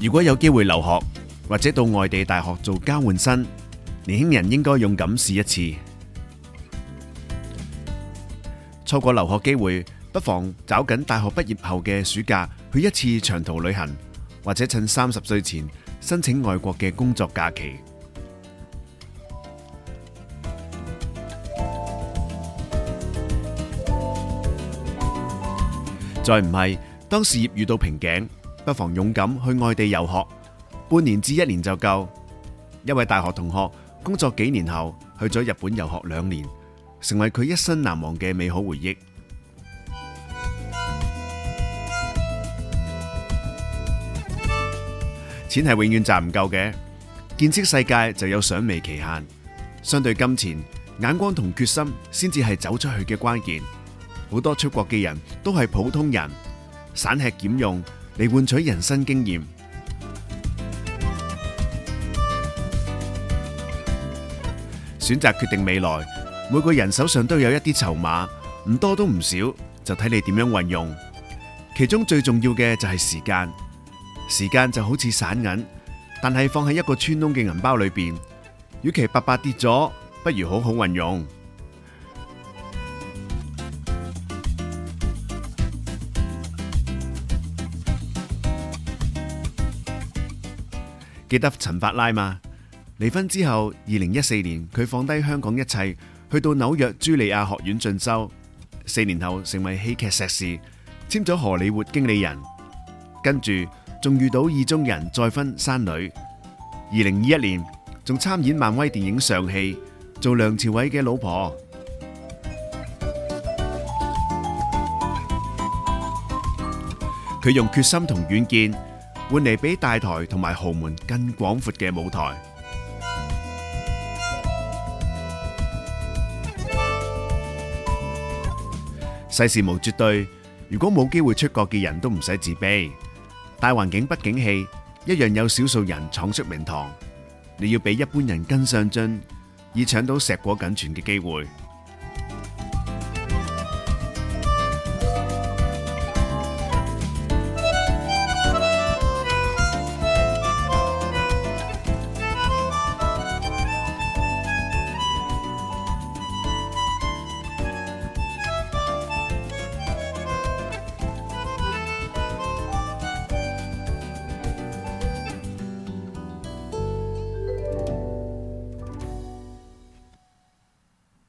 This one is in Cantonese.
如果有機會留學或者到外地大學做交換生，年輕人應該勇敢試一次。錯過留學機會，不妨抓緊大學畢業後嘅暑假去一次長途旅行，或者趁三十歲前申請外國嘅工作假期。再唔係，當事業遇到瓶頸。不妨勇敢去外地遊學，半年至一年就夠。一位大學同學工作幾年後，去咗日本遊學兩年，成為佢一生難忘嘅美好回憶。 錢係永遠賺唔夠嘅，見識世界就有賞味期限。相對金錢，眼光同決心先至係走出去嘅關鍵。好多出國嘅人都係普通人，省吃儉用。嚟換取人生經驗，選擇決定未來。每個人手上都有一啲籌碼，唔多都唔少，就睇你點樣運用。其中最重要嘅就係時間，時間就好似散銀，但係放喺一個穿窿嘅銀包裏邊，與其白白跌咗，不如好好運用。記得陳法拉嘛？離婚之後，二零一四年佢放低香港一切，去到紐約茱莉亞學院進修，四年後成為戲劇碩士，簽咗荷里活經理人，跟住仲遇到意中人，再婚生女。二零二一年仲參演漫威電影尚氣，做梁朝偉嘅老婆。佢用決心同遠見。換嚟比大台同埋豪門更廣闊嘅舞台。世事無絕對，如果冇機會出國嘅人都唔使自卑。大環境不景氣，一樣有少數人闖出名堂。你要比一般人更上進，以搶到碩果僅存嘅機會。